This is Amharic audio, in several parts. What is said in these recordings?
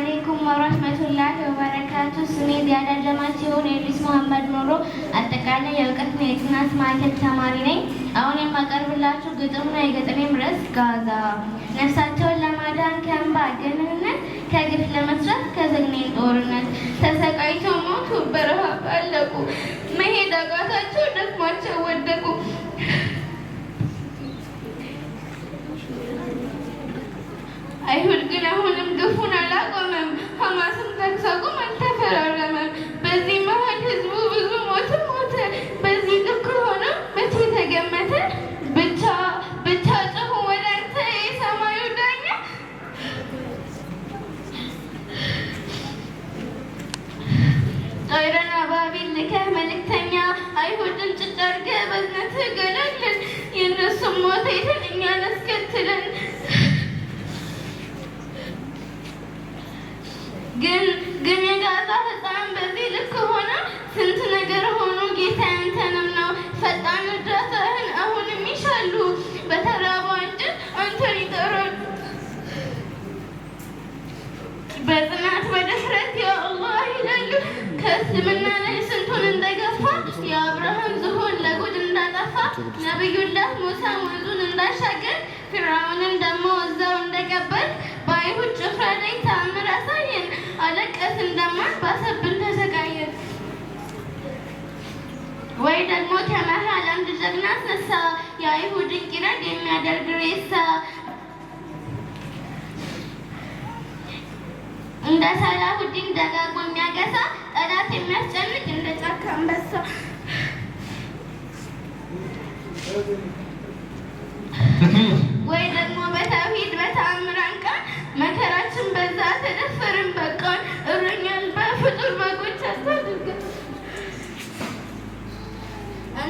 አለይኩም ወረህመቱላሂ ወበረካቱ። ስሜ ዚያዳ ጀማ ሲሆን የኢድሪስ መሀመድ ኑሮ አጠቃላይ የእውቀትና የጥናት ማዕከል ተማሪ ነኝ። አሁን የማቀርብላችሁ ግጥምና የገጠሜም ርዕስ ጋዛ። ነፍሳቸውን ለማዳን ከእንባ ገንነት፣ ከግፍ ለመስራት ከዘግኔን ጦርነት፣ ተሰቃይተው ሞቱ፣ በረሃብ አለቁ፣ መሄድ አቃታቸው፣ ደክሟቸው ወደቁ። አይሁድ ግን አሁን الدفن لكم هم أسمتك سكم التفر لمن ግን ግን የጋዛ ህፃን በዚህ ልክ ሆነ ስንት ነገር ሆኖ ጌታ ያንተንም ነው ፈጣን እርዳታህን አሁንም ይሻሉ በተራባ እንድን አንተን ይጠራሉ በጽናት በድፍረት ያ አላህ ይላሉ ከእስልምና ላይ ስንቱን እንደገፋ የአብርሃም ዝሆን ለጉድ እንዳጠፋ ነቢዩላህ ሙሳ ወንዙን እንዳሻገር ፊርዓውንን ደግሞ እዛው እንደቀበል አይሁድ ጭፍራ ላይ ተአምር አሳየን፣ አለቀስን፣ ደማን፣ ባሰብን፣ ተሰቃየን። ወይ ደግሞ ከመሃል አንድ ጀግና አስነሳ፣ የአይሁድን ቂረድ የሚያደርግ ሬሳ እንደ ሳላሁዲን ደጋግሞ የሚያገሳ ጠላት የሚያስጨንቅ እንደ ጫካ አንበሳ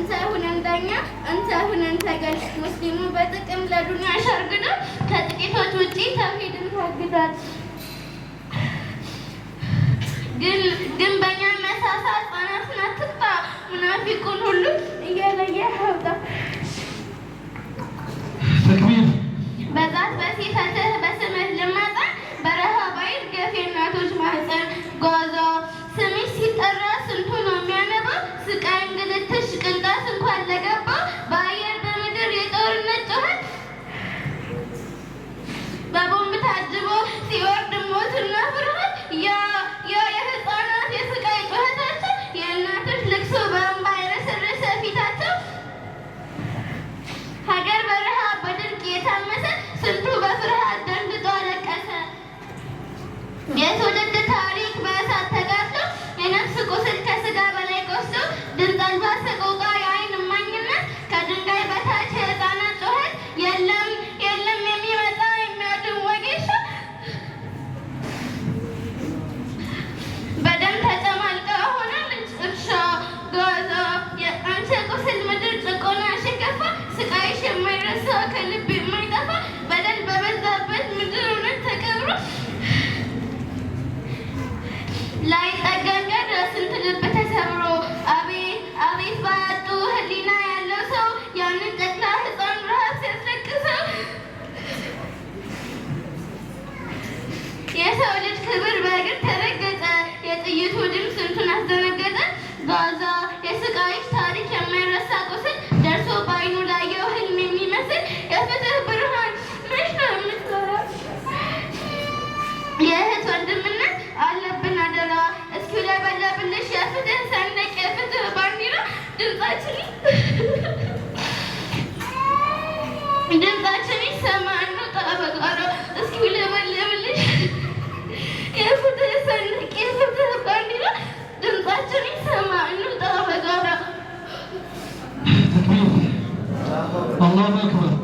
እንተ ሁነን ዳኛ እንተ ሁነን ሙስሊሙ በጥቅም ለዱንያ ሸርግዶ ከጥቂቶች ውጪ ተውሂድን ታግዷል። ግን በእኛ መሳሳት ሙናፊቁን ድምጻችን ይሰማል። እስኪ ለመለምልሽ የፍትህ ሰንቅ የፍትህ ባንዲራ ድምጻችን ይሰማል። እንውጣ አላሁ አክበር